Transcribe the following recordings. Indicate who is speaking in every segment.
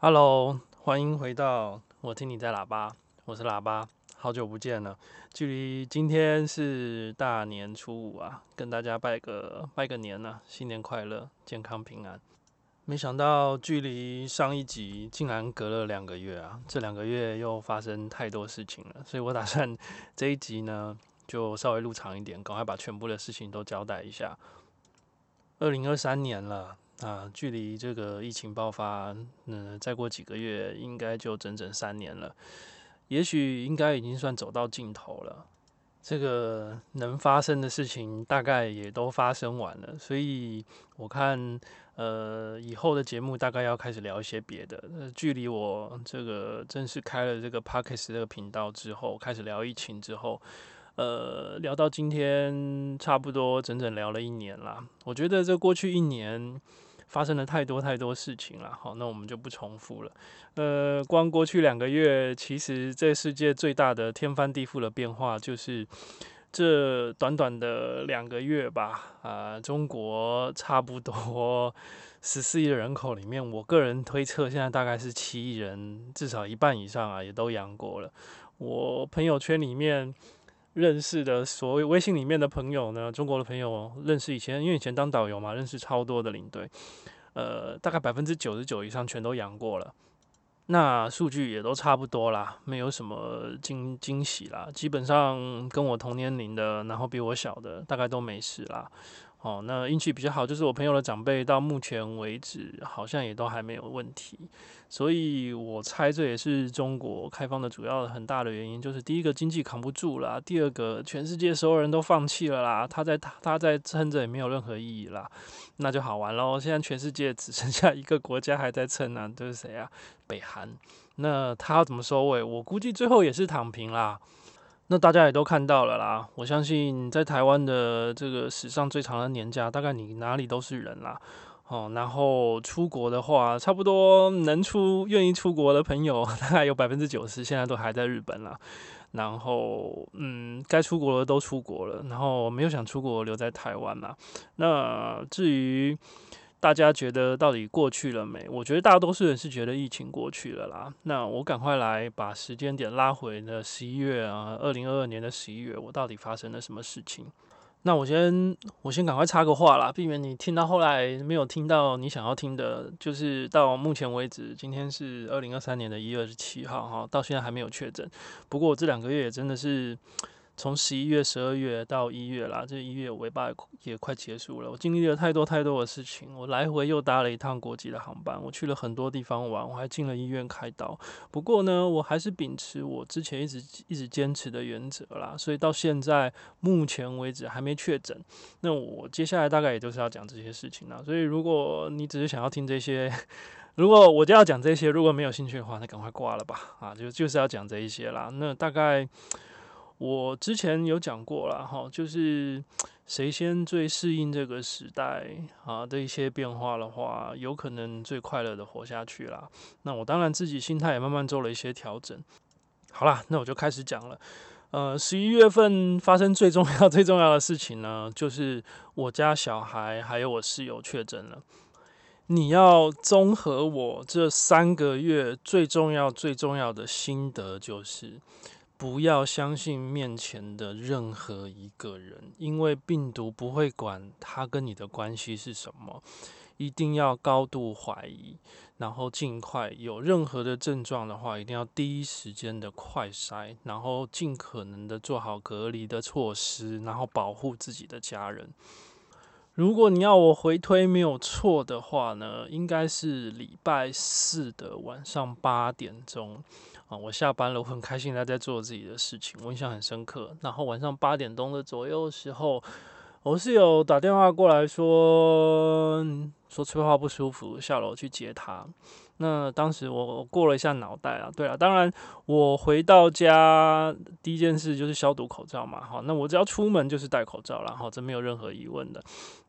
Speaker 1: 哈嘍，歡迎回到我聽你在喇叭，我是喇叭，好久不見了。距離今天是大年初五啊，跟大家拜個拜個年啊，新年快樂，健康平安。沒想到距離上一集竟然隔了兩個月啊！這兩個月又發生太多事情了，所以我打算這一集呢，就稍微錄長一點，趕快把全部的事情都交代一下。二零二三年了啊，距離這個疫情爆發，嗯、呃，再過幾個月應該就整整三年了，也許應該已經算走到盡頭了。這個能發生的事情大概也都發生完了，所以我看呃以後的節目大概要開始聊一些別的。呃，距離我這個正式開了這個 Podcast 這個頻道之後，開始聊疫情之後，呃聊到今天差不多整整聊了一年啦。我覺得這過去一年。發生了太多太多事情了，好，那我們就不重複了。呃，光過去兩個月，其實這世界最大的天翻地覆的變化，就是這短短的兩個月吧。啊、呃，中國差不多十四億人口裡面，我個人推測現在大概是七億人，至少一半以上啊，也都陽過了。我朋友圈裡面。認識的所有微信裡面的朋友呢，中國的朋友認識以前，因為以前當導遊嘛，認識超多的領隊，呃，大概百分之九十九以上全都陽過了，那數據也都差不多啦，沒有什麼驚驚喜啦，基本上跟我同年齡的，然後比我小的，大概都沒事啦。哦，那運氣比較好，就是我朋友的長輩到目前為止好像也都還沒有問題，所以我猜這也是中國開放的主要很大的原因，就是第一個經濟扛不住啦，第二個全世界所有人都放棄了啦，他在他他在撐着也沒有任何意義啦，那就好玩嘍，現在全世界只剩下一個國家還在撐啊，就是誰啊？北韓，那他要怎麼收尾？我估計最後也是躺平啦。那大家也都看到了啦，我相信在台灣的這個史上最長的年假，大概你哪裡都是人啦。哦，然後出國的話，差不多能出願意出國的朋友，大概有百分之九十現在都還在日本啦。然後，嗯，該出國的都出國了，然後沒有想出國留在台灣啦。那至於，大家覺得到底過去了沒？我覺得大多數人是覺得疫情過去了啦。那我趕快來把時間點拉回了十一月啊，二零二二年的十一月，我到底發生了什麼事情？那我先我先趕快插個話啦，避免你聽到後來沒有聽到你想要聽的。就是到目前為止，今天是二零二三年的一月二十七號，哈，到現在還沒有確診。不過我這兩個月也真的是。從十一月、十二月到一月啦，這一月尾巴也快結束了。我經歷了太多太多的事情，我來回又搭了一趟國際的航班，我去了很多地方玩，我還進了醫院開刀。不過呢，我還是秉持我之前一直一直堅持的原則啦，所以到現在目前為止還沒確診。那我接下來大概也就是要講這些事情啦。所以如果你只是想要聽這些，如果我就要講這些，如果沒有興趣的話，那趕快掛了吧。啊，就就是要講這一些啦。那大概。我之前有講過啦，哈，就是誰先最適應這個時代啊的一些變化的話，有可能最快樂的活下去啦。那我當然自己心態也慢慢做了一些調整。好啦，那我就開始講了。呃，十一月份發生最重要最重要的事情呢，就是我家小孩還有我室友確診了。你要綜合我這三個月最重要最重要的心得就是。不要相信面前的任何一個人，因為病毒不會管他跟你的關係是什麼，一定要高度懷疑，然後盡快有任何的症狀的話，一定要第一時間的快篩，然後盡可能的做好隔離的措施，然後保護自己的家人。如果你要我回推沒有錯的話呢，應該是禮拜四的晚上八點鐘。啊，我下班了，我很開心，他在做自己的事情，我印象很深刻。然後晚上八點鐘的左右的時候，我室友打電話過來說，嗯、說崔泡不舒服，下樓去接他。那當時我過了一下腦袋啊，對啊，當然我回到家第一件事就是消毒口罩嘛，哈，那我只要出門就是戴口罩了，然後這沒有任何疑問的。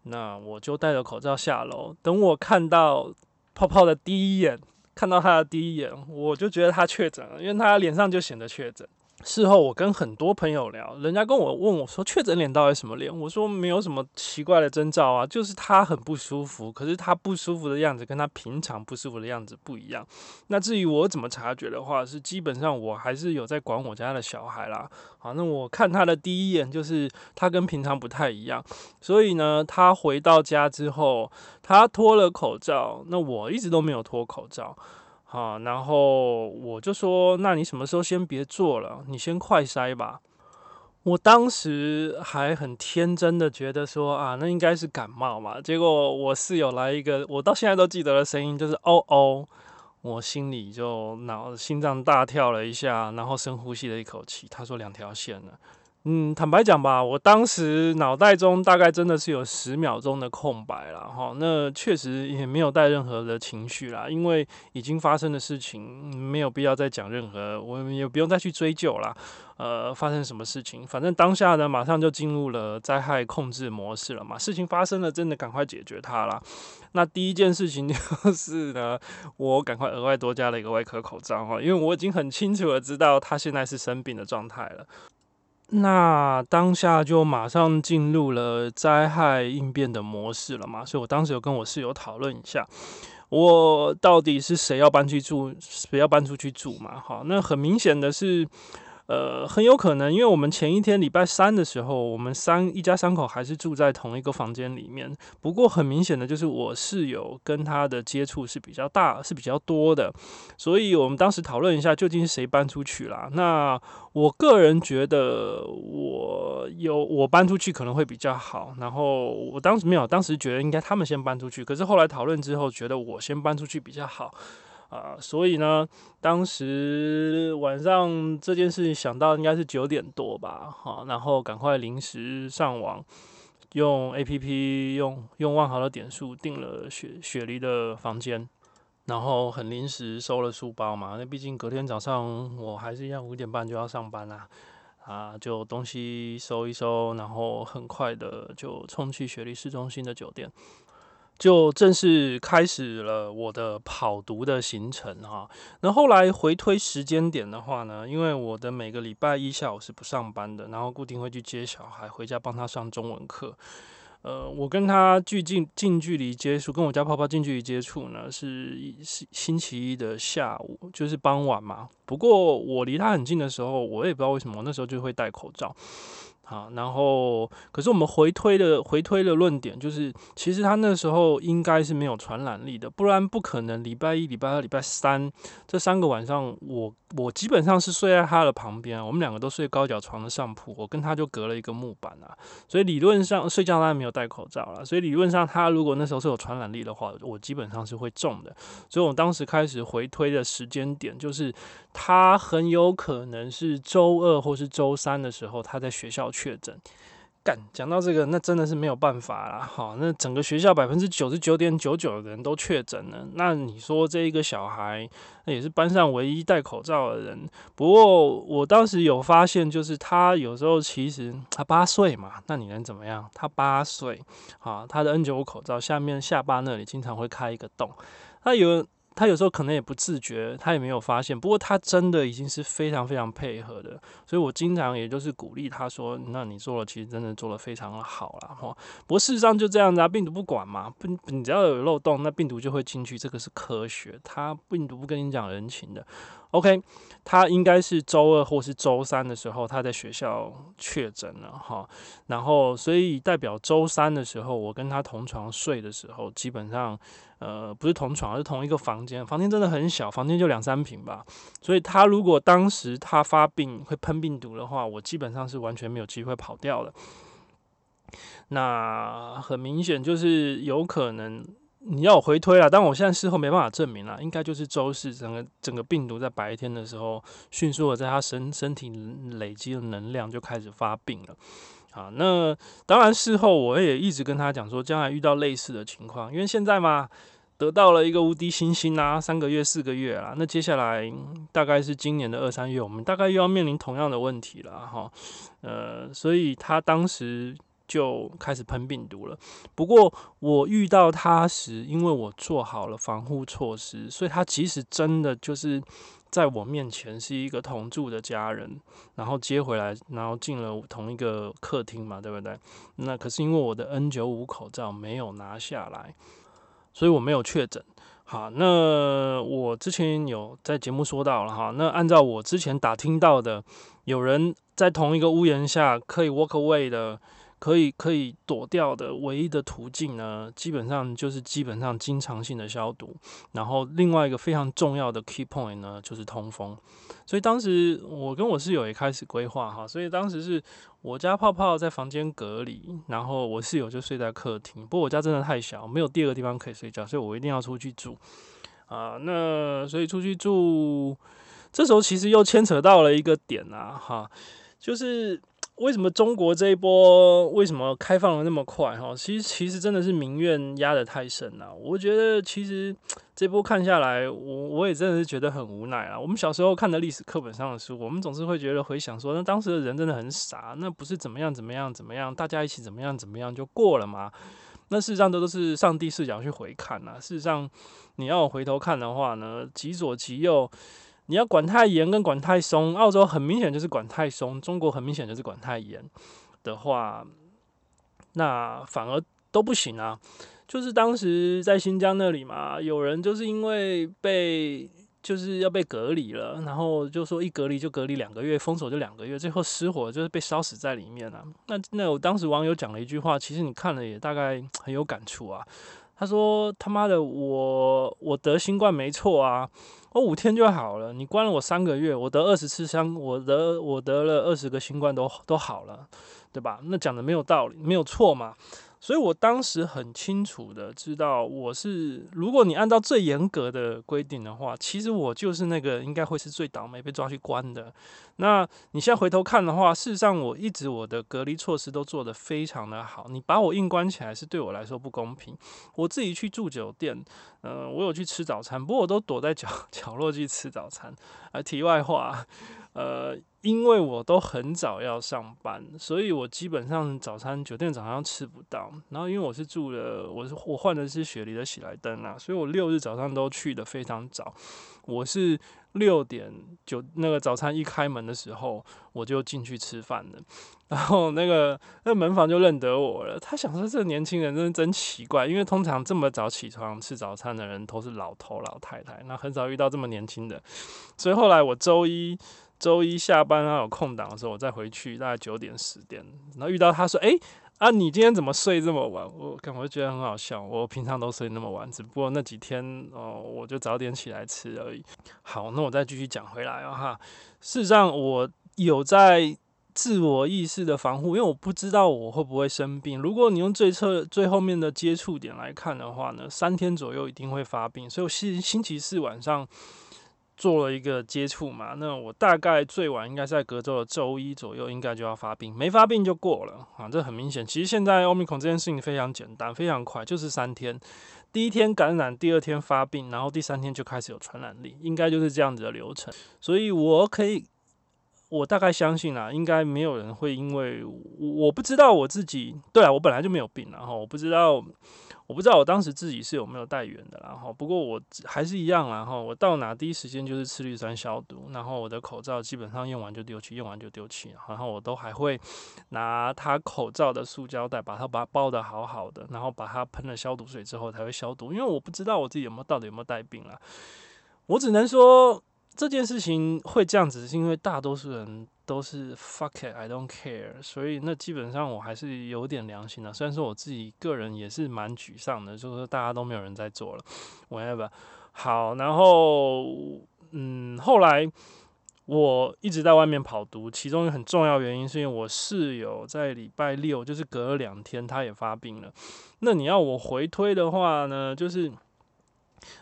Speaker 1: 那我就戴着口罩下樓，等我看到泡泡的第一眼。看到他的第一眼，我就覺得他確診了，因為他臉上就顯得確診。事後我跟很多朋友聊，人家跟我問我說：“確診臉到底什麼臉？”我說：“沒有什麼奇怪的徵兆啊，就是他很不舒服，可是他不舒服的樣子跟他平常不舒服的樣子不一樣。”那至於我怎麼察覺的話，是基本上我還是有在管我家的小孩啦。好，那我看他的第一眼就是他跟平常不太一樣，所以呢，他回到家之後，他脫了口罩，那我一直都沒有脫口罩。好、啊，然後我就說，那你什麼時候先別做了？你先快塞快篩吧。我當時還很天真的覺得說啊，那應該是感冒嘛。結果我室友來一個，我到現在都記得的聲音，就是哦哦，我心裡就腦心臟大跳了一下，然後深呼吸了一口氣。他說兩條線了。嗯，坦白講吧，我當時腦袋中大概真的是有十秒鐘的空白了哈。那確實也沒有帶任何的情緒啦，因為已經發生的事情沒有必要再講任何，我也不用再去追究啦。呃，發生什麼事情，反正當下呢，馬上就進入了災害控制模式了嘛。事情發生了，真的趕快解決它啦。那第一件事情就是呢，我趕快額外多加了一個外科口罩哈，因為我已經很清楚的知道他現在是生病的狀態了。那當下就馬上進入了災害應變的模式了嘛，所以我當時有跟我室友討論一下，我到底是誰要搬去住，誰要搬出去住嘛。好，那很明顯的是。呃，很有可能，因為我們前一天禮拜三的時候，我們三一家三口還是住在同一個房間裡面。不過很明顯的就是，我室友跟他的接觸是比較大，是比較多的。所以，我們當時討論一下，究竟是誰搬出去啦。那我個人覺得，我有我搬出去可能會比較好。然後我當時沒有，當時覺得應該他們先搬出去。可是後來討論之後，覺得我先搬出去比較好。啊，所以呢，當時晚上這件事情想到應該是九點多吧，好、啊，然後趕快臨時上網，用 APP 用用萬豪的點數訂了雪雪梨的房間，然後很臨時收了書包嘛，那畢竟隔天早上我還是要五點半就要上班啦、啊，啊，就東西收一收，然後很快的就衝去雪梨市中心的酒店。就正式開始了我的跑毒的行程哈。那後來回推時間點的話呢，因為我的每個禮拜一下午是不上班的，然後固定會去接小孩回家幫他上中文課。呃，我跟他距近，近近距離接觸，跟我家泡泡近距離接觸呢，是星星期一的下午，就是傍晚嘛。不過我離他很近的時候，我也不知道為什麼，那時候就會戴口罩。好，然後可是我們回推的回推的論點就是，其實他那時候應該是沒有傳染力的，不然不可能禮拜一、禮拜二、禮拜三這三個晚上我，我我基本上是睡在他的旁邊，我們兩個都睡高腳床的上鋪，我跟他就隔了一個木板啊，所以理論上睡覺當然沒有戴口罩啦，所以理論上他如果那時候是有傳染力的話，我基本上是會中的，所以我當時開始回推的時間點就是。他很有可能是週二或是週三的時候，他在學校確診。講到這個，那真的是沒有辦法啦。哈，那整個學校百分之九十九點九九的人都確診了，那你說這一個小孩也是班上唯一戴口罩的人。不過我當時有發現，就是他有時候其實他八歲嘛，那你能怎麼樣？他八歲，好，他的 N 九五口罩下面下巴那裡經常會開一個洞，他有。他有時候可能也不自覺，他也沒有發現。不過他真的已經是非常非常配合的，所以我經常也就是鼓勵他說：“那你做了，其實真的做的非常好了哈。”不過事實上就這樣子啊，病毒不管嘛，不你只要有漏洞，那病毒就會進去，這個是科學。他病毒不跟你講人情的。OK，他應該是周二或是周三的時候他在學校確診了哈，然後所以代表周三的時候我跟他同床睡的時候，基本上。呃，不是同床，而是同一個房間。房間真的很小，房間就兩三坪吧。所以他如果當時他發病會噴病毒的話，我基本上是完全沒有機會跑掉了。那很明顯就是有可能你要我回推啊，但我現在事後沒辦法證明了。應該就是周四整個整個病毒在白天的時候，迅速的在他身身體累積的能量就開始發病了。啊，那當然，事後我也一直跟他講說，將來遇到類似的情況，因為現在嘛，得到了一個無敵星星啊，三個月、四個月啦。那接下來大概是今年的二三月，我們大概又要面臨同樣的問題了哈。呃，所以他當時就開始噴病毒了。不過我遇到他時，因為我做好了防護措施，所以他其實真的就是。在我面前是一個同住的家人，然後接回來，然後進了同一個客廳嘛，對不對？那可是因為我的 N95 口罩沒有拿下來，所以我沒有確診。好，那我之前有在節目說到了哈，那按照我之前打聽到的，有人在同一個屋檐下可以 walk away 的。可以可以躲掉的唯一的途徑呢，基本上就是基本上經常性的消毒，然後另外一個非常重要的 key point 呢，就是通風。所以當時我跟我室友也開始規劃哈，所以當時是我家泡泡在房間隔離，然後我室友就睡在客廳。不過我家真的太小，沒有第二個地方可以睡覺，所以我一定要出去住啊，呃。那所以出去住，這時候其實又牽扯到了一個點啊，哈，就是。為什麼中國這一波為什麼開放的那麼快？哈，其實其實真的是民怨壓得太深了。我覺得其實這波看下來，我我也真的是覺得很無奈啊。我們小時候看的歷史課本上的書，我們總是會覺得回想說，那當時的人真的很傻，那不是怎麼樣怎麼樣怎麼樣，大家一起怎麼樣怎麼樣就過了嗎？那事實上這都是上帝視角去回看啊。事實上你要回頭看的話呢，極左極右。你要管太嚴跟管太鬆，澳洲很明顯就是管太鬆，中國很明顯就是管太嚴的話，那反而都不行啊。就是當時在新疆那裡嘛，有人就是因為被就是要被隔離了，然後就說一隔離就隔離兩個月，封鎖就兩個月，最後失火就是被燒死在裡面了啊。那那我當時網友講了一句話，其實你看了也大概很有感觸啊。他說：“他媽的我，我我得新冠沒錯啊。”我、哦、五天就好了，你關了我三個月，我得二十次傷，我得我得了二十個新冠都都好了，對吧？那講的沒有道理，沒有錯嘛。所以我當時很清楚的知道，我是如果你按照最嚴格的規定的話，其實我就是那個應該會是最倒霉被抓去關的。那你現在回頭看的話，事實上我一直我的隔離措施都做得非常的好，你把我硬關起來是對我來說不公平。我自己去住酒店，嗯、呃，我有去吃早餐，不過我都躲在角角落去吃早餐。而題外話。呃，因為我都很早要上班，所以我基本上早餐酒店早上吃不到。然後因為我是住的，我是我換的是雪梨的喜來登啊，所以我六日早上都去的非常早。我是六點九那個早餐一開門的時候，我就進去吃飯了。然後那個那門房就認得我了，他想說這個年輕人真的真奇怪，因為通常這麼早起床吃早餐的人都是老頭老太太，那很少遇到這麼年輕的。所以後來我周一。周一下班啊，有空檔的時候，我再回去，大概九點十點，然後遇到他說：“誒啊，你今天怎麼睡這麼晚？”我感覺覺得很好笑，我平常都睡那麼晚，只不過那幾天哦，我就早點起來吃而已。好，那我再繼續講回來啊哈。事實上，我有在自我意識的防護，因為我不知道我會不會生病。如果你用最側最後面的接觸點來看的話呢，三天左右一定會發病，所以我星星期四晚上。做了一個接觸嘛，那我大概最晚應該在隔周的周一左右，應該就要發病，沒發病就過了啊。這很明顯，其實現在 Omicron 這件事情非常簡單，非常快，就是三天，第一天感染，第二天發病，然後第三天就開始有傳染力，應該就是這樣子的流程。所以我可以，我大概相信啦、啊，應該沒有人會因為我，我不知道我自己，對啊，我本來就沒有病，然後我不知道。我不知道我當時自己是有沒有帶原的啦，然後不過我還是一樣啦，然後我到哪，第一時間就是次氯酸消毒，然後我的口罩基本上用完就丟棄，用完就丟棄，然後我都還會拿他口罩的塑膠袋把它把它包得好好的，然後把它噴了消毒水之後才會消毒，因為我不知道我自己有沒有到底有沒有帶病啦、啊，我只能說。這件事情會這樣子，是因為大多數人都是 fuck it I don't care，所以那基本上我還是有點良心的、啊。雖然說我自己個人也是蠻沮喪的，就是說大家都沒有人在做了。Whatever，好，然後嗯，後來我一直在外面跑毒，其中一個很重要原因是因為我室友在禮拜六，就是隔了兩天他也發病了。那你要我回推的話呢，就是。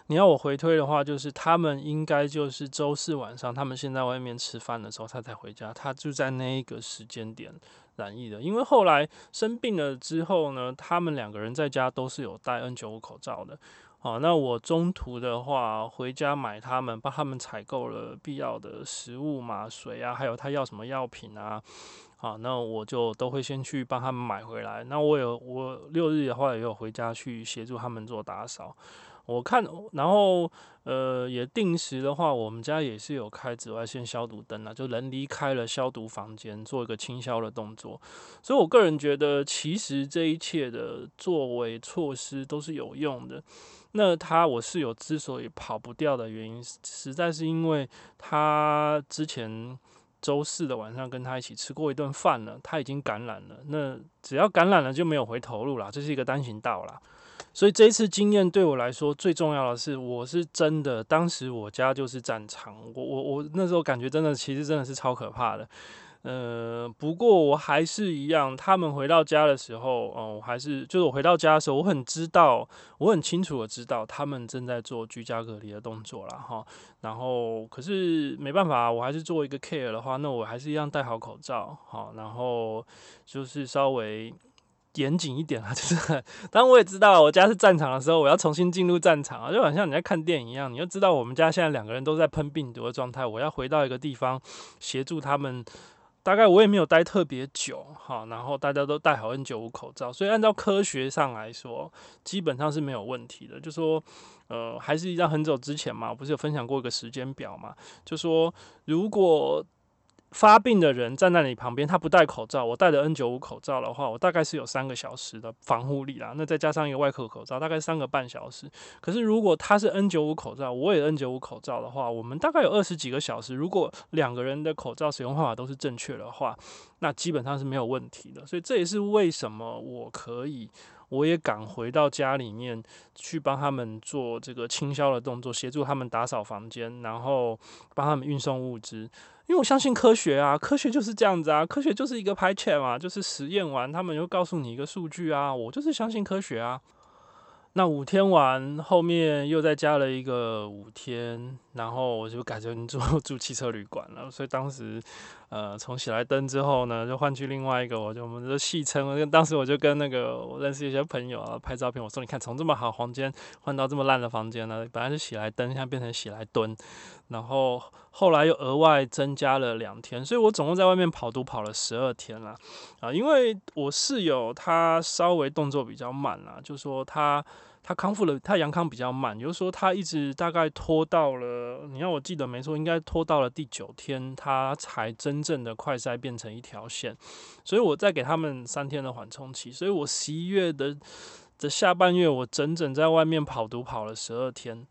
Speaker 1: 你要我回推的話，就是他們應該就是周四晚上，他們先在外面吃飯的時候，他才回家，他就在那一個時間點染疫的。因為後來生病了之後呢，他們兩個人在家都是有戴 N95 口罩的。好，那我中途的話回家買他們，幫他們採購了必要的食物嘛、水啊，還有他要什麼藥品啊。好，那我就都會先去幫他們買回來。那我有我六日的話也有回家去協助他們做打掃。我看，然後呃，也定時的話，我們家也是有開紫外線消毒燈了，就人離開了消毒房間，做一個清消的動作。所以，我個人覺得，其實這一切的作為措施都是有用的。那他，我室友之所以跑不掉的原因，實在是因為他之前周四的晚上跟他一起吃過一頓飯了，他已經感染了。那只要感染了，就沒有回頭路啦。這是一個單行道啦。所以這一次經驗對我來說最重要的是，我是真的，當時我家就是戰場，我我我那時候感覺真的，其實真的是超可怕的，呃，不過我還是一樣，他們回到家的時候，哦，我還是，就是我回到家的時候，我很知道，我很清楚的知道，他們正在做居家隔離的動作了哈，然後可是沒辦法，我還是做一個 care 的話，那我還是一樣戴好口罩，哈，然後就是稍微。嚴謹一點啊，就是，當我也知道，我家是戰場的時候，我要重新進入戰場啊，就好像你在看電影一樣，你就知道我們家現在兩個人都在噴病毒的狀態，我要回到一個地方協助他們，大概我也沒有待特別久哈，然後大家都戴好 N 九五口罩，所以按照科學上來說，基本上是沒有問題的，就說，呃，還是一張很久之前嘛，我不是有分享過一個時間表嘛，就說如果。發病的人站在你旁邊，他不戴口罩，我戴的 N 九五口罩的話，我大概是有三個小時的防護力啦。那再加上一個外科口罩，大概三個半小時。可是如果他是 N 九五口罩，我也 N 九五口罩的話，我們大概有二十幾個小時。如果兩個人的口罩使用方法都是正確的話，那基本上是沒有問題的。所以這也是為什麼我可以。我也趕回到家裡面去幫他們做這個清消的動作，協助他們打掃房間，然後幫他們運送物資。因為我相信科學啊，科學就是這樣子啊，科學就是一個拍片嘛，就是實驗完他們又告訴你一個數據啊，我就是相信科學啊。那五天完，後面又再加了一個五天，然後我就改成住住汽車旅館了。所以當時，呃，從喜來登之後呢，就換去另外一個，我就我們就戲稱，當時我就跟那個我認識一些朋友啊拍照片，我說你看，從這麼好房間換到這麼爛的房間了，本來是喜來登，現在變成喜來蹲，然後後來又額外增加了兩天，所以我總共在外面跑都跑了十二天了啊。啊，因為我室友他稍微動作比較慢啦，就說他。他康復了，他陽康比較慢，也就是說，他一直大概拖到了，你看我記得沒錯，應該拖到了第九天，他才真正的快篩變成一條線。所以，我再給他們三天的緩衝期。所以我十一月的的下半月，我整整在外面跑毒跑了十二天。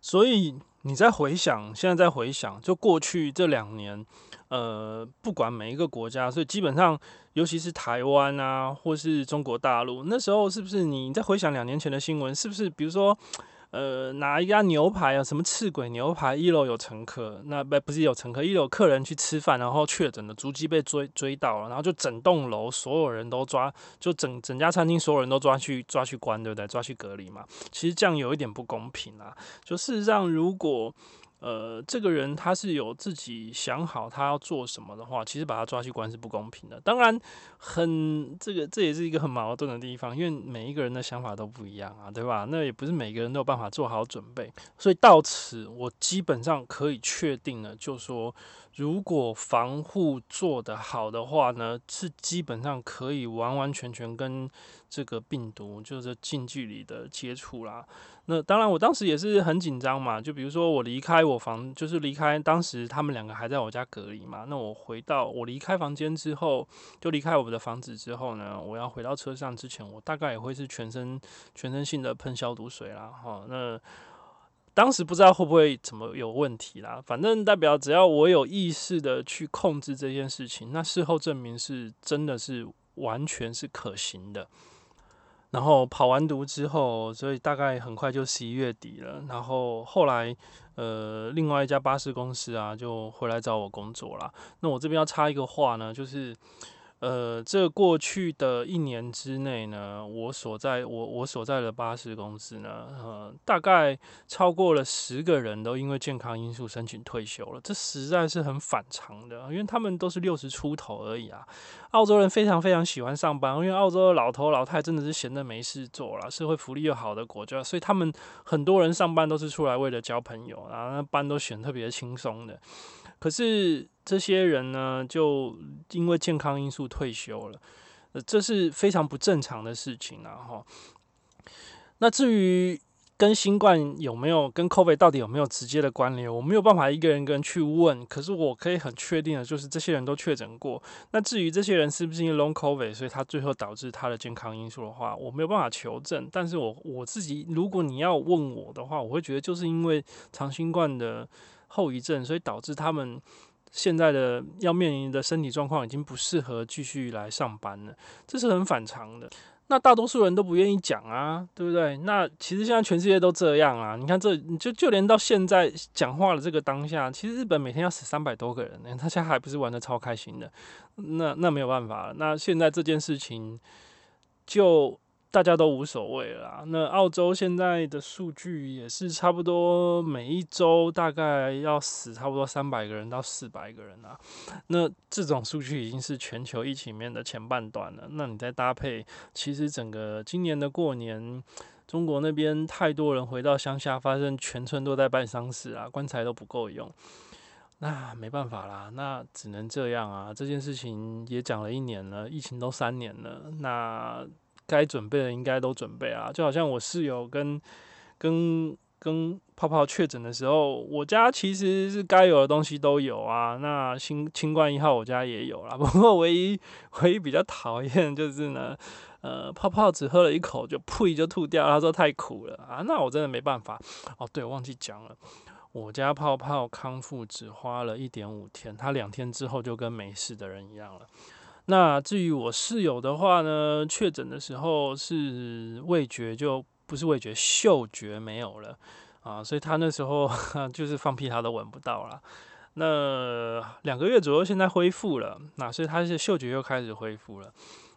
Speaker 1: 所以，你再回想，現在再回想，就過去這兩年，呃，不管每一個國家，所以基本上。尤其是台灣啊，或是中國大陸，那時候是不是你？你再回想兩年前的新聞，是不是？比如說，呃，哪一家牛排啊，什麼赤鬼牛排一樓有乘客，那不不是有乘客一樓客人去吃飯，然後確診了，足迹被追追到了，然後就整棟樓所有人都抓，就整整家餐廳所有人都抓去抓去關，對不對？抓去隔離嘛。其實這樣有一點不公平啊。就事實上，如果呃，這個人他是有自己想好他要做什麼的話，其實把他抓去關是不公平的。當然。很，這個這也是一個很矛盾的地方，因為每一個人的想法都不一樣啊，對吧？那也不是每個人都有辦法做好準備，所以到此我基本上可以確定了，就說如果防護做得好的話呢，是基本上可以完完全全跟這個病毒就是近距離的接觸啦。那當然我當時也是很緊張嘛，就比如說我離開我房，就是離開當時他們兩個還在我家隔離嘛，那我回到我離開房間之後，就離開我。的房子之後呢，我要回到車上之前，我大概也會是全身，全身性的噴消毒水啦。哈，那當時不知道會不會怎麼有問題啦。反正代表只要我有意識的去控制這件事情，那事後證明是真的是完全是可行的。然後跑完毒之後，所以大概很快就十一月底了。然後後來呃，另外一家巴士公司啊，就回來找我工作啦。那我這邊要插一個話呢，就是。呃，這過去的一年之內呢，我所在我我所在的巴士公司呢，呃，大概超過了十個人都因為健康因素申請退休了，這實在是很反常的，因為他們都是六十出頭而已啊。澳洲人非常非常喜歡上班，因為澳洲的老頭老太真的是閒得沒事做了，社會福利又好的國家，所以他們很多人上班都是出來為了交朋友，然後班都選特別輕鬆的。可是這些人呢，就因為健康因素退休了，這是非常不正常的事情了啊哈。那至於，跟新冠有沒有跟 COVID 到底有沒有直接的關聯？我沒有辦法一個人跟人去問，可是我可以很確定的，就是這些人都確診過。那至於這些人是不是因為 Long COVID 所以他最後導致他的健康因素的話，我沒有辦法求證。但是我我自己，如果你要問我的話，我會覺得就是因為長新冠的後遺症，所以導致他們現在的要面臨的身體狀況已經不適合繼續來上班了，這是很反常的。那大多數人都不願意講啊，對不對？那其實現在全世界都這樣啊。你看這，你就就連到現在講話的這個當下，其實日本每天要死三百多個人呢，大家還不是玩得超開心的？那那沒有辦法了。那現在這件事情就。大家都無所謂啦。那澳洲現在的數據也是差不多，每一周大概要死差不多三百個人到四百個人啊。那這種數據已經是全球疫情裡面的前半段了。那你再搭配，其實整個今年的過年，中國那邊太多人回到鄉下，發生全村都在辦喪事啊，棺材都不夠用。那沒辦法啦，那只能這樣啊。這件事情也講了一年了，疫情都三年了，那。該準備的應該都準備啊，就好像我室友跟跟跟泡泡確診的時候，我家其實是該有的東西都有啊。那新清冠一號，我家也有啦，不過唯一唯一比較討厭就是呢，呃，泡泡只喝了一口就噗就吐掉，他說太苦了啊。那我真的沒辦法。哦，對，我忘記講了，我家泡泡康復只花了一點五天，他兩天之後就跟沒事的人一樣了。那至於我室友的話呢，確診的時候是味覺就不是味覺，嗅覺沒有了啊，所以他那時候就是放屁他都聞不到了。那兩個月左右，現在恢復了，那所以他是嗅覺又開始恢復了。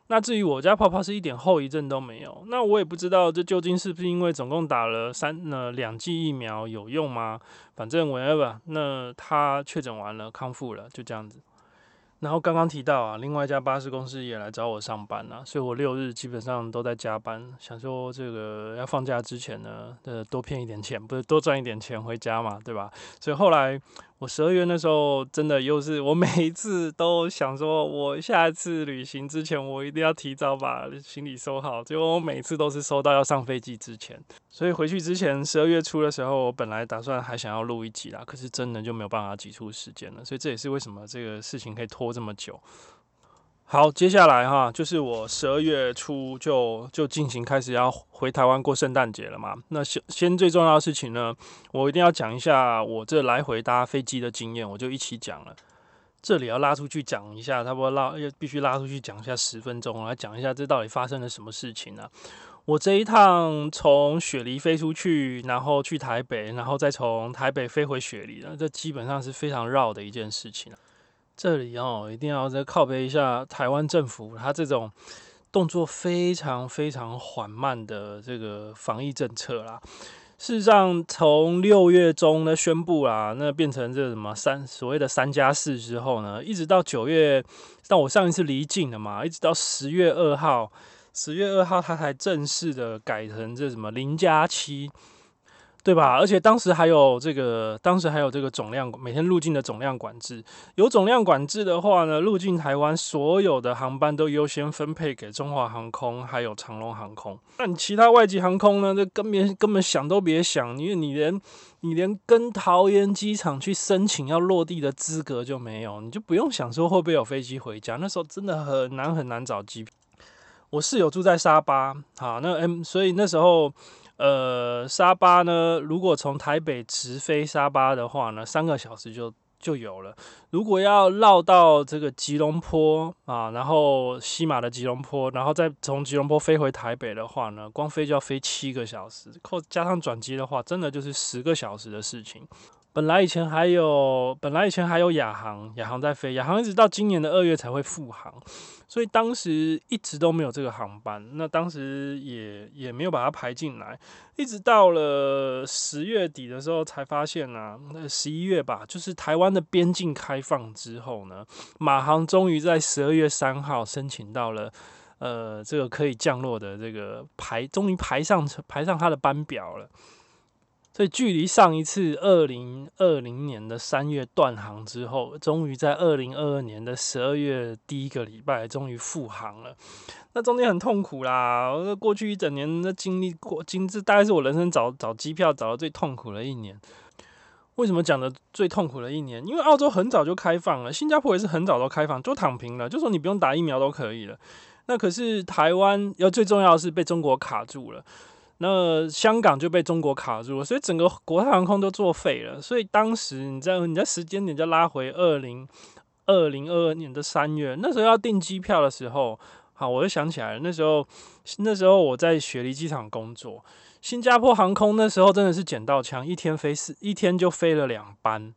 Speaker 1: 那至於我家泡泡是一點後遺症都沒有，那我也不知道這究竟是不是因為總共打了三呃兩劑疫苗有用嗎？反正我也不，那他確診完了康復了，就這樣子。然後剛剛提到啊，另外一家巴士公司也來找我上班了。所以我六日基本上都在加班。想說，這個要放假之前呢，呃，多騙一點錢，不是多賺一點錢回家嘛，對吧？所以後來。我十二月那時候真的又是我每一次都想說，我下一次旅行之前我一定要提早把行李收好，結果我每次都是收到要上飛機之前，所以回去之前十二月初的時候，我本來打算還想要錄一集啦，可是真的就沒有辦法擠出時間了，所以這也是為什麼這個事情可以拖這麼久。好，接下來哈，就是我十二月初就就進行開始要回台灣過聖誕節了嘛。那先先最重要的事情呢，我一定要講一下我這來回搭飛機的經驗，我就一起講了。這裡要拉出去講一下，差不多拉要，要必須拉出去講一下十分鐘來講一下這到底發生了什麼事情呢、啊？我這一趟從雪梨飛出去，然後去台北，然後再從台北飛回雪梨了，這基本上是非常繞的一件事情。這裡哦，一定要再靠北一下台灣政府，它這種動作非常非常緩慢的這個防疫政策啦。事實上，從六月中呢宣布啦、啊，那變成這什麼三所謂的三加四之後呢，一直到九月，但我上一次離境了嘛，一直到十月二號，十月二號它才正式的改成這什麼零加七。對吧？而且當時還有這個，當時還有這個總量，每天入境的總量管制。有總量管制的話呢，入境台灣所有的航班都優先分配給中華航空還有長榮航空。那你其他外籍航空呢，就根本根本想都別想，因為你連你連跟桃園機場去申請要落地的資格就沒有，你就不用想說會不會有飛機回家。那時候真的很難很難找機票。我室友住在沙巴，好，那嗯，所以那時候。呃，沙巴呢，如果從台北直飛沙巴的話呢，三個小時就就有了。如果要繞到這個吉隆坡啊，然後西馬的吉隆坡，然後再從吉隆坡飛回台北的話呢，光飛就要飛七個小時，扣加上轉機的話，真的就是十個小時的事情。本來以前還有，本來以前還有亞航，亞航在飛，亞航一直到今年的二月才會復航，所以當時一直都沒有這個航班，那當時也也沒有把它排進來，一直到了十月底的時候才發現呢，啊，那個十一月吧，就是台灣的邊境開放之後呢，馬航終於在十二月三號申請到了，呃，這個可以降落的這個排，終於排上排上它的班表了。所以距離上一次二零二零年的三月斷航之後，終於在二零二二年的十二月第一個禮拜，終於復航了。那中間很痛苦啦，我過去一整年的經歷過，經歷大概是我人生找找機票找的最痛苦的一年。為什麼講的最痛苦的一年？因為澳洲很早就開放了，新加坡也是很早都開放，就躺平了，就說你不用打疫苗都可以了。那可是台灣，要最重要的是被中國卡住了。那香港就被中國卡住了，所以整個國泰航空都作廢了。所以當時你，你在你在時間點就拉回二零二零二二年的三月，那時候要訂機票的時候，好，我就想起來了。那時候，那時候我在雪梨機場工作，新加坡航空那時候真的是撿到槍，一天飛四，一天就飛了兩班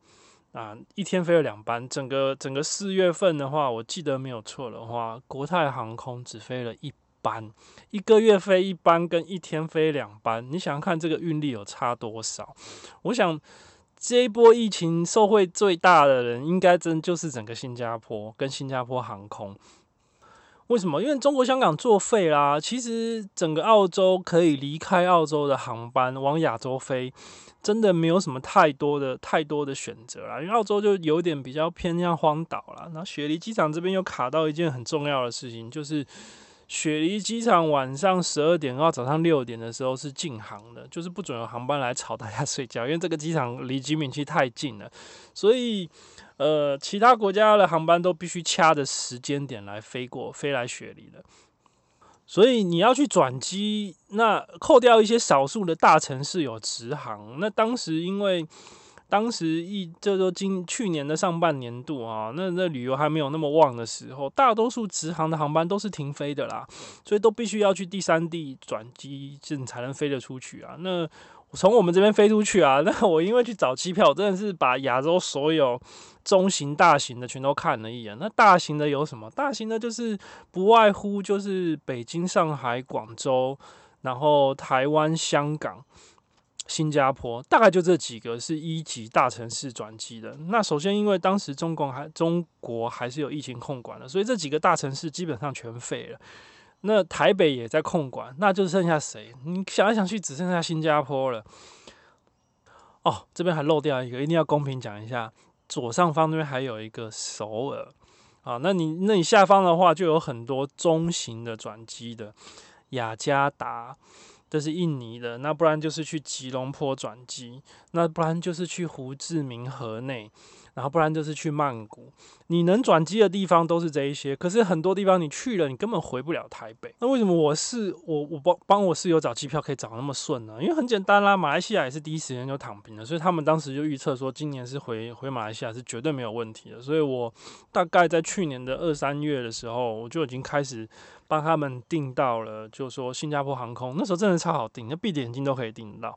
Speaker 1: 啊，一天飛了兩班。整個整個四月份的話，我記得沒有錯的話，國泰航空只飛了一班。班一個月飛一班，跟一天飛兩班，你想想看這個運力有差多少？我想這一波疫情受惠最大的人，應該真就是整個新加坡跟新加坡航空。為什麼？因為中國香港作廢啦。其實整個澳洲可以離開澳洲的航班往亞洲飛，真的沒有什麼太多的太多的選擇啦。因為澳洲就有點比較偏向荒島啦。然後雪梨機場這邊又卡到一件很重要的事情，就是。雪梨機場晚上十二點到早上六點的時候是禁航的，就是不准有航班來吵大家睡覺，因為這個機場離居民區太近了，所以呃其他國家的航班都必須掐着時間點來飛過飛來雪梨的，所以你要去轉機，那扣掉一些少數的大城市有直航，那當時因為。當時一，這都今去年的上半年度啊，那那旅遊還沒有那麼旺的時候，大多數直航的航班都是停飛的啦，所以都必須要去第三地轉機，這你才能飛得出去啊。那從我們這邊飛出去啊，那我因為去找機票，真的是把亞洲所有中型、大型的全都看了一眼。那大型的有什麼？大型的就是不外乎就是北京、上海、廣州，然後台灣、香港。新加坡大概，就這幾個是一級大城市轉機的。那首先，因為當時中共還中國還是有疫情控管的，所以這幾個大城市基本上全廢了。那台北也在控管，那就剩下誰？你想來想去，只剩下新加坡了。哦，這邊還漏掉一個，一定要公平講一下，左上方那邊還有一個首爾啊。那你那你下方的話，就有很多中型的轉機的雅加達。這是印尼的，那不然就是去吉隆坡轉機，那不然就是去胡志明河內，然後不然就是去曼谷。你能轉機的地方都是這一些，可是很多地方你去了，你根本回不了台北。那為什麼我是我我幫幫我室友找機票可以找那麼順呢？因為很簡單啦，馬來西亞也是第一時間就躺平了，所以他們當時就預測說，今年是回回馬來西亞是絕對沒有問題的。所以我大概在去年的二三月的時候，我就已經開始。幫他們訂到了，就說新加坡航空，那時候真的超好訂，那閉着眼睛都可以訂到。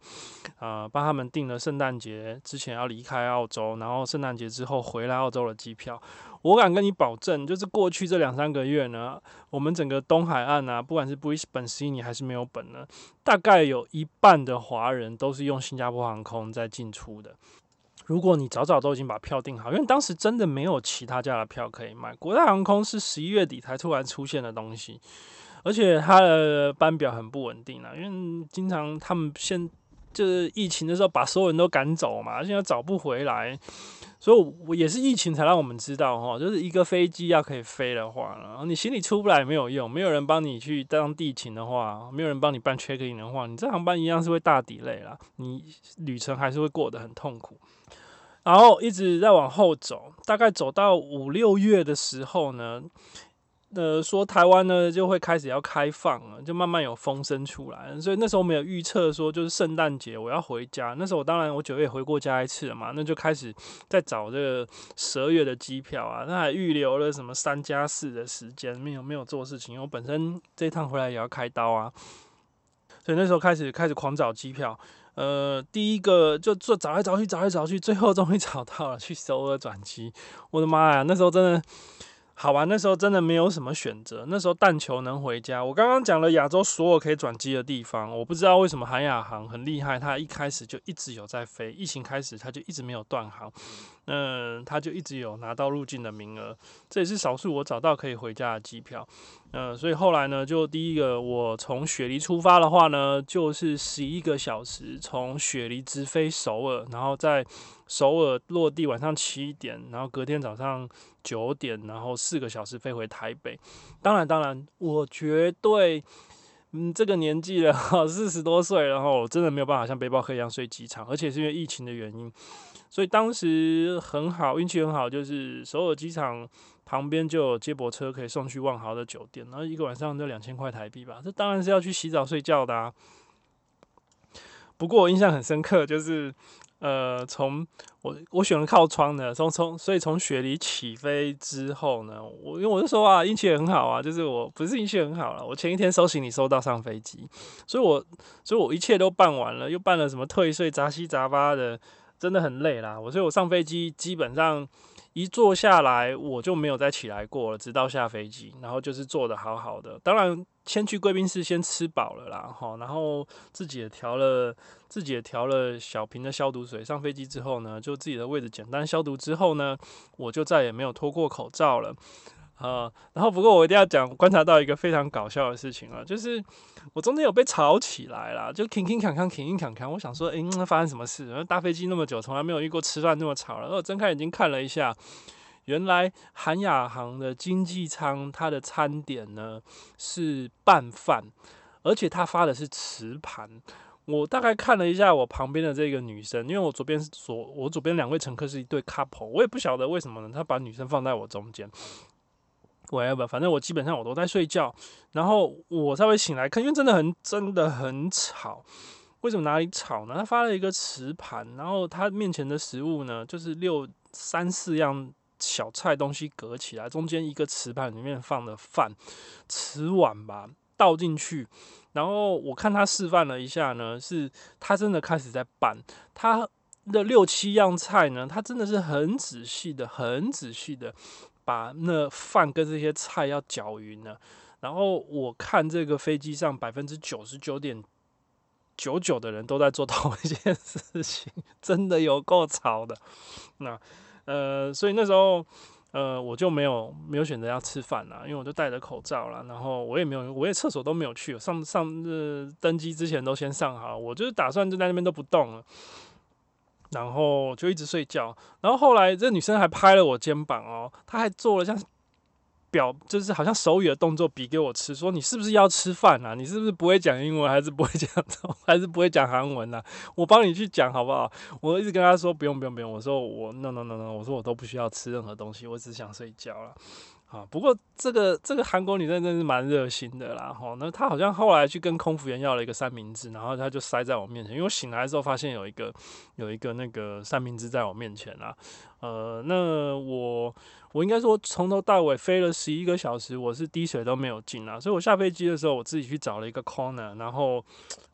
Speaker 1: 啊，幫他們訂了聖誕節之前要離開澳洲，然後聖誕節之後回來澳洲的機票。我敢跟你保證，就是過去這兩三個月呢，我們整個東海岸啊，不管是布里斯本、悉尼還是沒有本呢，大概有一半的華人都是用新加坡航空在進出的。如果你早早都已經把票訂好，因為當時真的沒有其他家的票可以買。國泰航空是十一月底才突然出現的東西，而且它的班表很不穩定啊，因為經常他們先就是疫情的時候把所有人都趕走嘛，而且要找不回來，所以我也是疫情才讓我們知道，就是一個飛機要可以飛的話，然後你行李出不來也沒有用，沒有人幫你去當地勤的話，沒有人幫你辦 check in 的話，你這航班一樣是會大 delay 啦，你旅程還是會過得很痛苦。然後一直在往後走，大概走到五六月的時候呢，呃，說台灣呢就會開始要開放了，就慢慢有風聲出來。所以那時候沒有預測說就是聖誕節我要回家。那時候我當然我九月回過家一次了嘛，那就開始在找這個十二月的機票啊。那還預留了什麼三加四的時間，沒有沒有做事情。我本身這一趟回來也要開刀啊，所以那時候開始開始狂找機票。呃，第一個就做，就找來找去，找來找去，最後終於找到了，去首爾轉機。我的媽呀，那時候真的。好吧，那時候真的沒有什麼選擇。那時候但求能回家。我剛剛講了亞洲所有可以轉機的地方，我不知道為什麼韓亞航很厲害，它一開始就一直有在飛，疫情開始它就一直沒有斷航，嗯，它就一直有拿到入境的名額，這也是少數我找到可以回家的機票。嗯，所以後來呢，就第一個我從雪梨出發的話呢，就是十一個小時從雪梨直飛首爾，然後再。首爾落地晚上七點，然後隔天早上九點，然後四個小時飛回台北。當然，當然，我絕對，嗯，這個年紀了，好，四十多歲，然後真的沒有辦法像背包客一樣睡機場，而且是因為疫情的原因。所以當時很好，運氣很好，就是首爾機場旁邊就有接駁車可以送去萬豪的酒店，然後一個晚上就兩千塊台幣吧。這當然是要去洗澡睡覺的啊。不過我印象很深刻，就是。呃，從我我選了靠窗的，從從所以從雪梨起飛之後呢，我因為我就說啊，運氣也很好啊，就是我不是運氣很好啦，我前一天收行李收到上飛機，所以我所以我一切都辦完了，又辦了什麼退稅雜七雜八的，真的很累啦，我所以我上飛機基本上。一坐下來，我就沒有再起來過了，直到下飛機。然後就是坐得好好的，當然先去貴賓室先吃飽了啦，哈。然後自己也調了，自己也調了小瓶的消毒水。上飛機之後呢，就自己的位置簡單消毒之後呢，我就再也沒有脫過口罩了。啊、嗯，然後不過我一定要講，觀察到一個非常搞笑的事情啊，就是我中間有被吵起來了，就吭吭鏘鏘，吭吭鏘鏘，我想說，誒，那發生什麼事？然後搭飛機那麼久，從來沒有遇過吃飯那麼吵了。然後我睜開眼睛看了一下，原來韓亞航的經濟艙它的餐點呢是拌飯，而且他發的是瓷盤。我大概看了一下我旁邊的這個女生，因為我左邊左我左邊兩位乘客是一對 couple，我也不曉得為什麼呢，他把女生放在我中間。不，反正我基本上我都在睡覺，然後我稍微醒來看，因為真的很真的很吵。為什麼哪裡吵呢？他發了一個瓷盤，然後他面前的食物呢，就是六三四樣小菜東西隔起來，中間一個瓷盤裡面放的飯，瓷碗吧倒進去，然後我看他示範了一下呢，是他真的開始在拌他的六七樣菜呢，他真的是很仔細的，很仔細的。把那飯跟這些菜要攪勻了，然後我看這個飛機上百分之九十九點九九的人都在做同一件事情，真的有夠吵的。那呃，所以那時候呃，我就沒有沒有選擇要吃飯啦，因為我就戴着口罩啦，然後我也沒有，我也廁所都沒有去，上上呃登機之前都先上好，我就是打算就在那邊都不動了。然後就一直睡覺，然後後來這女生還拍了我肩膀哦，她還做了像表，就是好像手語的動作比給我吃，說你是不是要吃飯啊？你是不是不會講英文，還是不會講，還是不會講韓文啊？我幫你去講好不好？我一直跟她說不用不用不用，我說我 no no no no，我說我都不需要吃任何東西，我只想睡覺了。啊，不過這個這個韓國女生真的真是蠻熱心的啦，吼、哦，那她好像後來去跟空服員要了一個三明治，然後她就塞在我面前，因為我醒來的時候發現有一個有一個那個三明治在我面前啊。呃，那我我應該說從頭到尾飛了十一個小時，我是滴水都沒有進啊，所以我下飛機的時候，我自己去找了一個 corner 然後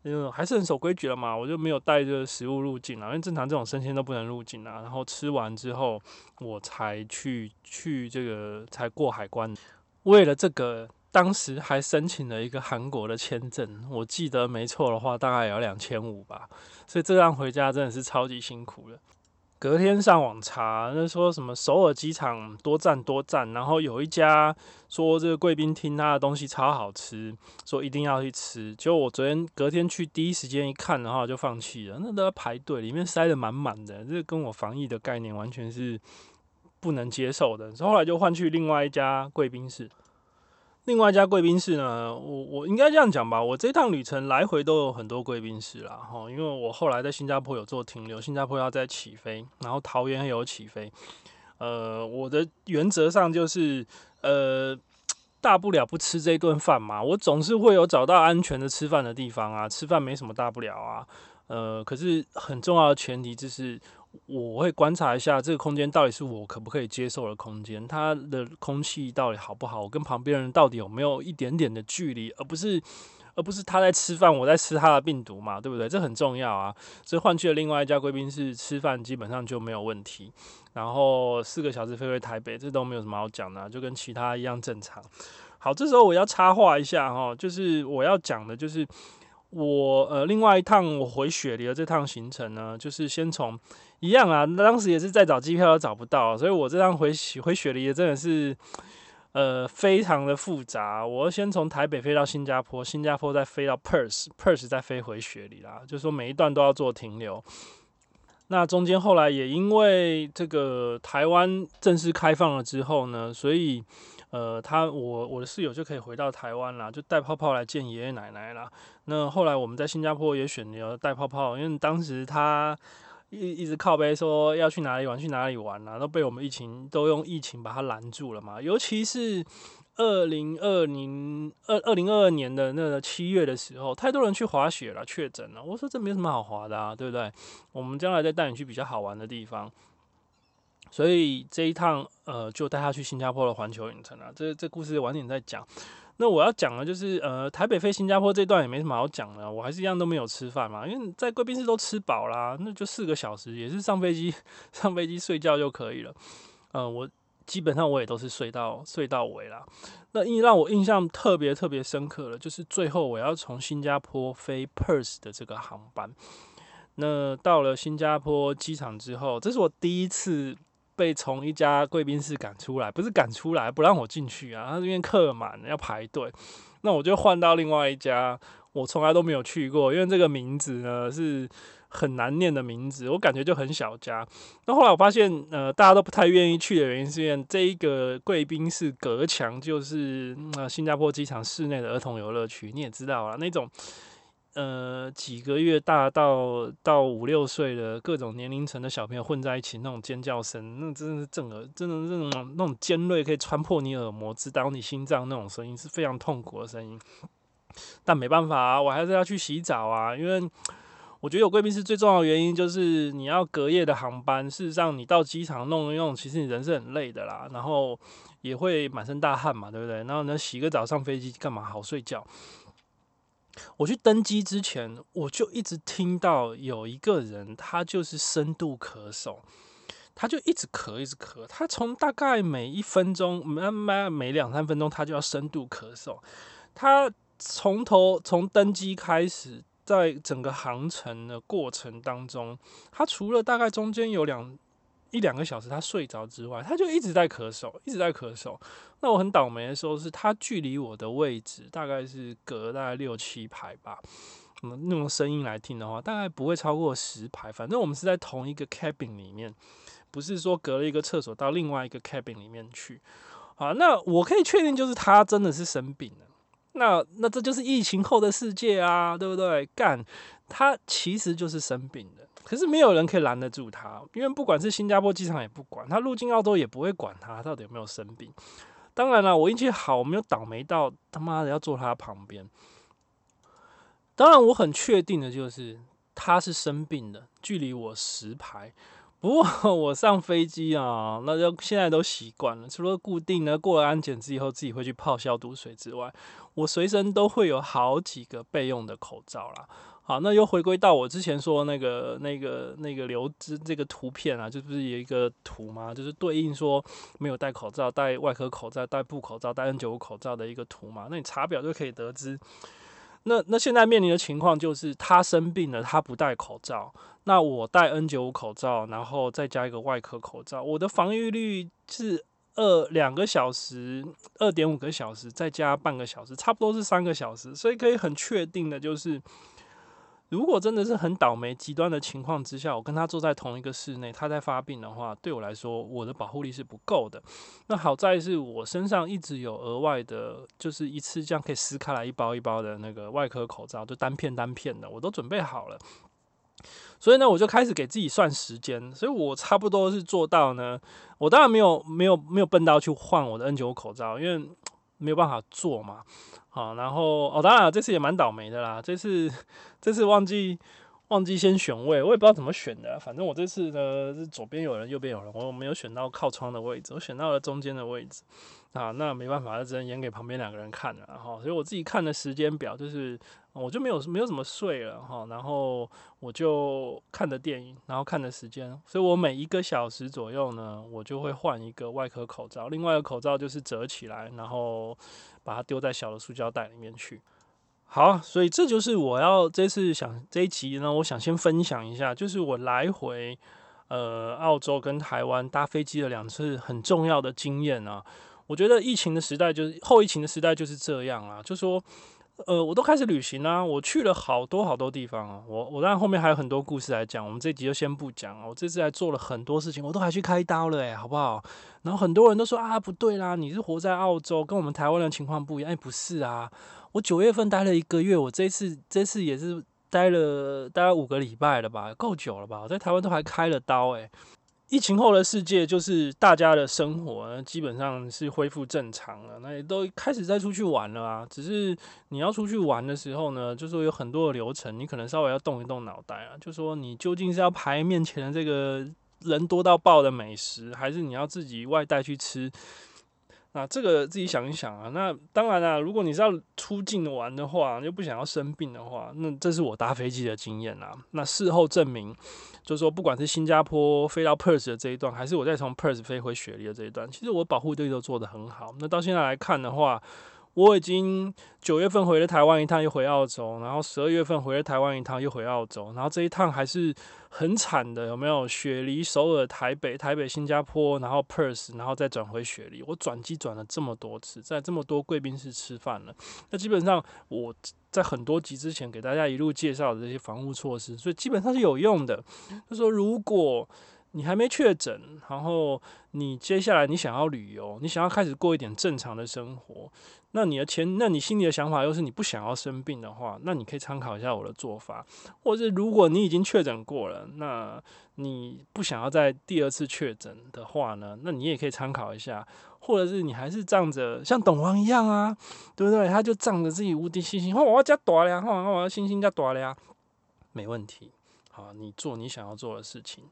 Speaker 1: 嗯還是很守規矩了嘛，我就沒有帶這個食物入境啊，因為正常這種生鮮都不能入境啊，然後吃完之後我才去去這個才過海關，為了這個當時還申請了一個韓國的簽證，我記得沒錯的話大概也要兩千五吧，所以這樣回家真的是超級辛苦的。隔天上網查，那、就是、說什麼首爾機場多贊多贊，然後有一家說這個貴賓廳他的東西超好吃，說一定要去吃。結果我昨天隔天去，第一時間一看的話就放棄了，那都要排隊，裡面塞得滿滿的，這個、跟我防疫的概念完全是不能接受的。後來就換去另外一家貴賓室。另外一家貴賓室呢，我我應該這樣講吧，我這趟旅程來回都有很多貴賓室啦，吼，因為我後來在新加坡有做停留，新加坡要再起飛，然後桃園也有起飛，呃，我的原則上就是，呃，大不了不吃這頓飯嘛，我總是會有找到安全的吃飯的地方啊，吃飯沒什麼大不了啊，呃，可是很重要的前提就是。我會觀察一下這個空間到底是我可不可以接受的空間，它的空氣到底好不好，我跟旁邊人到底有沒有一點點的距離，而不是，而不是他在吃飯我在吃他的病毒嘛，對不對？這很重要啊。所以換去了另外一家貴賓室吃飯基本上就沒有問題，然後四個小時飛回台北，這都沒有什麼好講的啊，就跟其他一樣正常。好，這時候我要插話一下哈，就是我要講的就是。我呃，另外一趟我回雪梨的這趟行程呢，就是先從一樣啊，那當時也是在找機票都找不到，所以我這趟回回雪梨也真的是呃非常的複雜。我先從台北飛到新加坡，新加坡再飛到 Perth，Perth 再飛回雪梨啦，就是說每一段都要做停留。那中間後來也因為這個台灣正式開放了之後呢，所以。呃，他我我的室友就可以回到台灣啦，就帶泡泡來見爺爺奶奶啦。那後來我們在新加坡也選了帶泡泡，因為當時他一一直靠北說要去哪裡玩去哪裡玩啊，都被我們疫情都用疫情把他攔住了嘛。尤其是二零二零二二零二二年的那個七月的時候，太多人去滑雪了，確診了。我說這沒什麼好滑的啊，對不對？我們將來再帶你去比較好玩的地方。所以這一趟，呃，就帶他去新加坡的環球影城了。這這故事晚點再講。那我要講的，就是呃，台北飛新加坡這段也沒什麼好講的，我還是一樣都沒有吃飯嘛，因為在貴賓室都吃飽啦。那就四個小時，也是上飛機上飛機睡覺就可以了。呃，我基本上我也都是睡到睡到尾啦。那印讓我印象特別特別深刻的就是最後我要從新加坡飛 Perth 的這個航班。那到了新加坡機場之後，這是我第一次。被從一家貴賓室趕出來，不是趕出來，不讓我進去啊！他這邊客滿，要排隊。那我就換到另外一家，我從來都沒有去過，因為這個名字呢是很難念的名字，我感覺就很小家。那後來我發現，呃，大家都不太願意去的原因是，因為這一個貴賓室隔牆就是、呃、新加坡機場室內的兒童遊樂區，你也知道啊，那種。呃，幾個月大到到五六歲的各種年齡層的小朋友混在一起，那種尖叫聲，那真的是震耳，真的那種那種尖銳可以穿破你耳膜，直搗你心臟那種聲音是非常痛苦的聲音。但沒辦法啊，我還是要去洗澡啊，因為我覺得有貴賓室最重要的原因就是你要隔夜的航班。事實上，你到機場弄一弄，其實你人是很累的啦，然後也會滿身大汗嘛，對不對？然後能洗個澡上飛機幹嘛？好睡覺。我去登機之前，我就一直聽到有一個人，他就是深度咳嗽，他就一直咳，一直咳。他從大概每一分鐘，慢慢每兩三分鐘，他就要深度咳嗽。他從頭從登機開始，在整個航程的過程當中，他除了大概中間有兩。一兩個小時，他睡着之外，他就一直在咳嗽，一直在咳嗽。那我很倒霉的時候是，他距離我的位置大概是隔了大概六七排吧。嗯，那種聲音來聽的話，大概不會超過十排。反正我們是在同一個 cabin 裡面，不是說隔了一個廁所到另外一個 cabin 裡面去。啊。那我可以確定就是他真的是生病了。那那這就是疫情後的世界啊，對不對？幹，他其實就是生病了。可是沒有人可以攔得住他，因為不管是新加坡機場也不管他入境澳洲，也不會管他到底有沒有生病。當然啦，啊，我運氣好，我沒有倒霉到他媽的要坐他旁邊。當然，我很確定的就是他是生病的，距離我十排。不過我上飛機啊，那就現在都習慣了，除了固定呢過了安檢之以後自己會去泡消毒水之外，我隨身都會有好幾個備用的口罩啦。好，那又回歸到我之前說的那個、那個、那個留資這個圖片啊，就是、不是有一個圖嗎？就是對應說沒有戴口罩、戴外科口罩、戴布口罩、戴 N 九五口罩的一個圖嘛。那你查表就可以得知。那那現在面臨的情況就是，他生病了，他不戴口罩，那我戴 N 九五口罩，然後再加一個外科口罩，我的防禦率是二兩個小時，二點五個小時，再加半個小時，差不多是三個小時，所以可以很確定的就是。如果真的是很倒霉，極端的情況之下，我跟他坐在同一個室內，他在發病的話，對我來說，我的保護力是不夠的。那好在是我身上一直有額外的，就是一次這樣可以撕開來一包一包的那個外科口罩，就單片單片的，我都準備好了。所以呢，我就開始給自己算時間。所以我差不多是做到呢，我當然沒有沒有沒有笨到去換我的 N95 口罩，因為。沒有辦法做嘛，好，然後哦，當然了，這次也蠻倒霉的啦。這次這次忘記忘記先選位，我也不知道怎麼選的。反正我這次呢，是左邊有人，右邊有人，我沒有選到靠窗的位置，我選到了中間的位置。啊，那沒辦法，那只能演給旁邊兩個人看了。哈，所以我自己看的時間表就是，我就沒有沒有怎麼睡了哈。然後我就看的電影，然後看的時間，所以我每一個小時左右呢，我就會換一個外科口罩。另外一個口罩就是折起來，然後把它丟在小的塑膠袋裡面去。好，所以這就是我要這次想這一集呢，我想先分享一下，就是我來回呃澳洲跟台灣搭飛機的兩次很重要的經驗啊。我覺得疫情的時代就是後疫情的時代就是這樣啊，就說，呃，我都開始旅行啦，啊，我去了好多好多地方啊，我我當然，後面還有很多故事來講，我們這集就先不講了。我這次還做了很多事情，我都還去開刀了哎，欸，好不好？然後很多人都說啊，不對啦，你是活在澳洲，跟我們台灣人的情況不一樣。哎，欸，不是啊，我九月份待了一個月，我這次這次也是待了大概五個禮拜了吧，夠久了吧？我在台灣都還開了刀哎，欸。疫情後的世界就是大家的生活呢，基本上是恢復正常了，那也都開始在出去玩了啊。只是你要出去玩的時候呢，就說有很多的流程，你可能稍微要動一動腦袋啊，就說你究竟是要排面前的這個人多到爆的美食，還是你要自己外帶去吃？那、啊、這個自己想一想啊。那當然啦、啊，如果你是要出境玩的話，又不想要生病的話，那這是我搭飛機的經驗啦、啊。那事後證明，就是說，不管是新加坡飛到 Perth 的這一段，還是我再從 Perth 飛回雪梨的這一段，其實我保護自己都做得很好。那到現在來看的話，我已經九月份回了台灣一趟，又回澳洲，然後十二月份回了台灣一趟，又回澳洲，然後這一趟還是很慘的，有沒有？雪梨、首爾、台北、台北、新加坡，然後 Perth 然後再轉回雪梨，我轉機轉了這麼多次，在這麼多貴賓室吃飯了。那基本上我在很多集之前給大家一路介紹的這些防護措施，所以基本上是有用的。他、就是、說如果。你還沒確診，然後你接下來你想要旅遊，你想要開始過一點正常的生活，那你的前，那你心裡的想法又是你不想要生病的話，那你可以參考一下我的做法，或者是如果你已經確診過了，那你不想要再第二次確診的話呢，那你也可以參考一下，或者是你還是仗着像懂王一樣啊，對不對？他就仗着自己無敵信心，哇、哦，我要加短加多了呀，哇、哦，我要信心加多了呀，沒問題。好，你做你想要做的事情。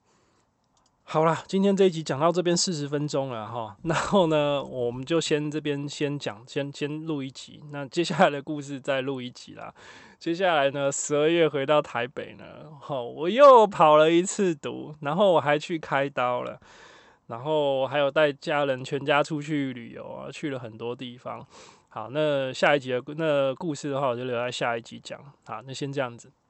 Speaker 1: 好啦，今天這一集講到這邊四十分鐘了哈，然後呢，我們就先這邊先講，先先錄一集，那接下來的故事再錄一集啦。接下來呢，十二月回到台北呢，哈，我又跑了一次毒，然後我還去開刀了，然後還有帶家人全家出去旅遊啊，去了很多地方。好，那下一集的那個故事的話，我就留在下一集講。好，那先這樣子。